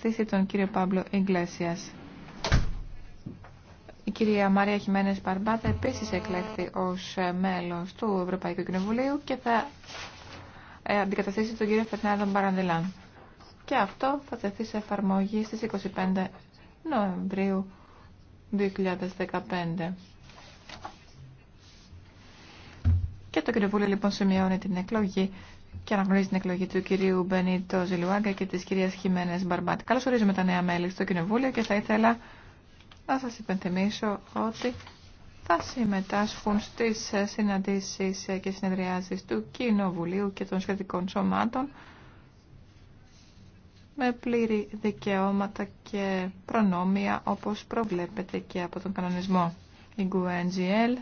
στήσει τον κύριο Παύλο Ιγκλέσιας. Η κυρία Μαρία Χιμένες Παρμπάτα επίσης εκλέχθη ως ε, μέλος του Ευρωπαϊκού Κοινοβουλίου και θα ε, αντικαταστήσει τον κύριο Φερνάδο Μπαραντελάν. Και αυτό θα τεθεί σε εφαρμογή στις 25 Νοεμβρίου 2015. Το Κοινοβούλιο λοιπόν σημειώνει την εκλογή και αναγνωρίζει την εκλογή του κυρίου Μπενίτο Ζιλουάγκα και τη κυρία Χιμένε Μπαρμπάτη. Καλώ ορίζουμε τα νέα μέλη στο Κοινοβούλιο και θα ήθελα να σα υπενθυμίσω ότι θα συμμετάσχουν στι συναντήσει και συνεδριάσει του Κοινοβουλίου και των σχετικών σωμάτων με πλήρη δικαιώματα και προνόμια όπως προβλέπεται και από τον κανονισμό. Η GUNGL